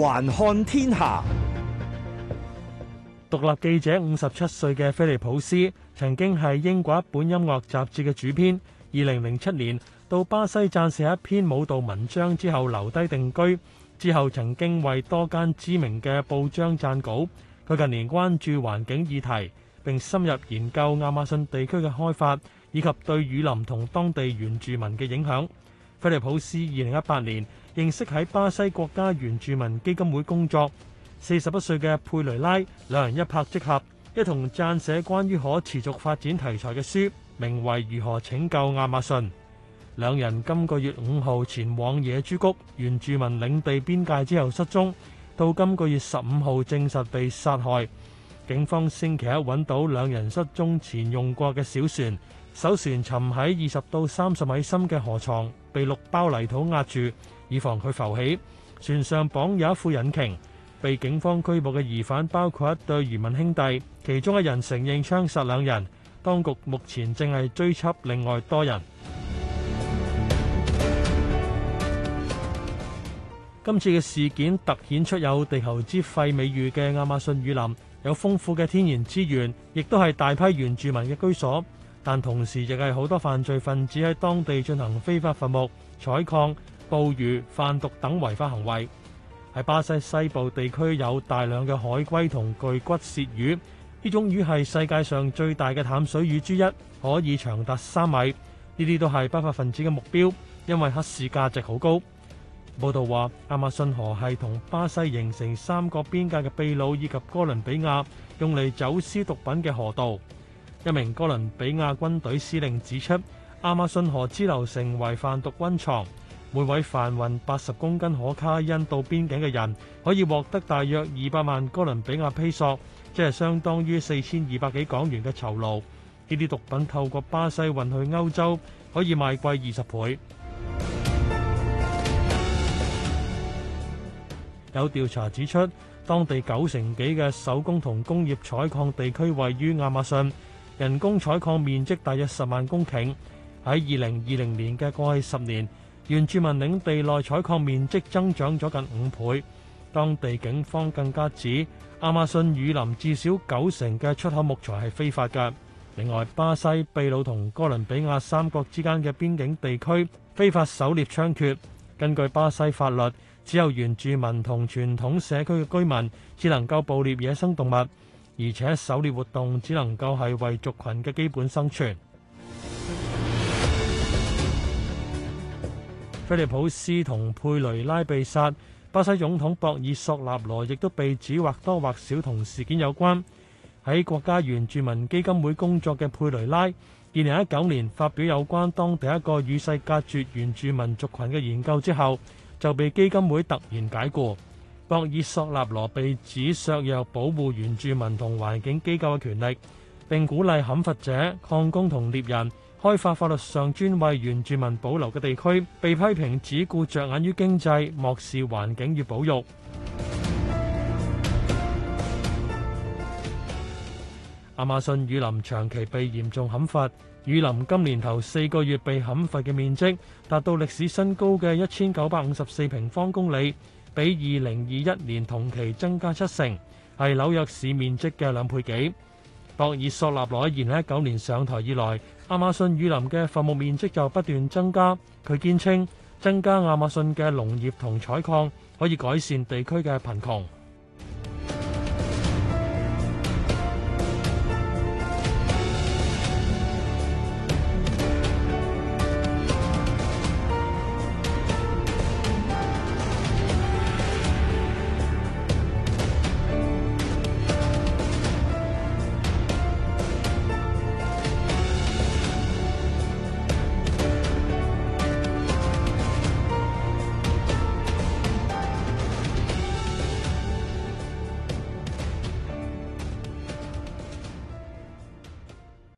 環看天下，獨立記者五十七歲嘅菲利普斯，曾經係英國一本音樂雜誌嘅主編。二零零七年到巴西撰寫一篇舞蹈文章之後，留低定居。之後曾經為多間知名嘅報章撰稿。佢近年關注環境議題，並深入研究亞馬遜地區嘅開發以及對雨林同當地原住民嘅影響。菲利普斯二零一八年認識喺巴西國家原住民基金會工作，四十一歲嘅佩雷拉，兩人一拍即合，一同撰寫關於可持續發展題材嘅書，名為《如何拯救亞馬遜》。兩人今個月五號前往野豬谷原住民領地邊界之後失蹤，到今個月十五號證實被殺害。警方星期一搵到兩人失蹤前用過嘅小船，艘船沉喺二十到三十米深嘅河床，被六包泥土壓住。以防佢浮起，船上綁有一副引擎。被警方拘捕嘅疑犯包括一對漁民兄弟，其中一人承認槍殺兩人。當局目前正係追緝另外多人。 今次嘅事件突顯出有地球之肺美譽嘅亞馬遜雨林有豐富嘅天然資源，亦都係大批原住民嘅居所，但同時亦係好多犯罪分子喺當地進行非法伐木、採礦。捕魚、販毒等違法行為，喺巴西西部地區有大量嘅海龜同巨骨舌魚。呢種魚係世界上最大嘅淡水魚之一，可以長達三米。呢啲都係不法分子嘅目標，因為黑市價值好高。報道話，亞馬遜河係同巴西形成三角邊界嘅秘魯以及哥倫比亞用嚟走私毒品嘅河道。一名哥倫比亞軍隊司令指出，亞馬遜河支流成為販毒溫床。每位繁運八十公斤可卡因到邊境嘅人，可以獲得大約二百萬哥倫比亞披索，即係相當於四千二百幾港元嘅酬勞。呢啲毒品透過巴西運去歐洲，可以賣貴二十倍。 有調查指出，當地九成幾嘅手工同工業採礦地區位於亞馬遜，人工採礦面積大約十萬公頃。喺二零二零年嘅過去十年，原住民領地內採礦面積增長咗近五倍，當地警方更加指，亞馬遜雨林至少九成嘅出口木材係非法嘅。另外，巴西、秘魯同哥倫比亞三國之間嘅邊境地區非法狩獵猖獗。根據巴西法律，只有原住民同傳統社區嘅居民只能夠捕獵野生動物，而且狩獵活動只能夠係為族群嘅基本生存。菲利普斯同佩雷拉被殺，巴西總統博爾索納羅亦都被指或多或少同事件有關。喺國家原住民基金會工作嘅佩雷拉，二零一九年發表有關當地一個與世隔絕原住民族羣嘅研究之後，就被基金會突然解僱。博爾索納羅被指削弱保護原住民同環境機構嘅權力，並鼓勵砍伐者、礦工同獵人。開發法律上專為原住民保留嘅地區，被批評只顧着眼於經濟，漠視環境與保育。 亞馬遜雨林長期被嚴重砍伐，雨林今年頭四個月被砍伐嘅面積達到歷史新高嘅一千九百五十四平方公里，比二零二一年同期增加七成，係紐約市面積嘅兩倍幾。博爾索納羅喺二零一九年上台以來，亞馬遜雨林嘅伐木面積就不斷增加。佢堅稱，增加亞馬遜嘅農業同採礦可以改善地區嘅貧窮。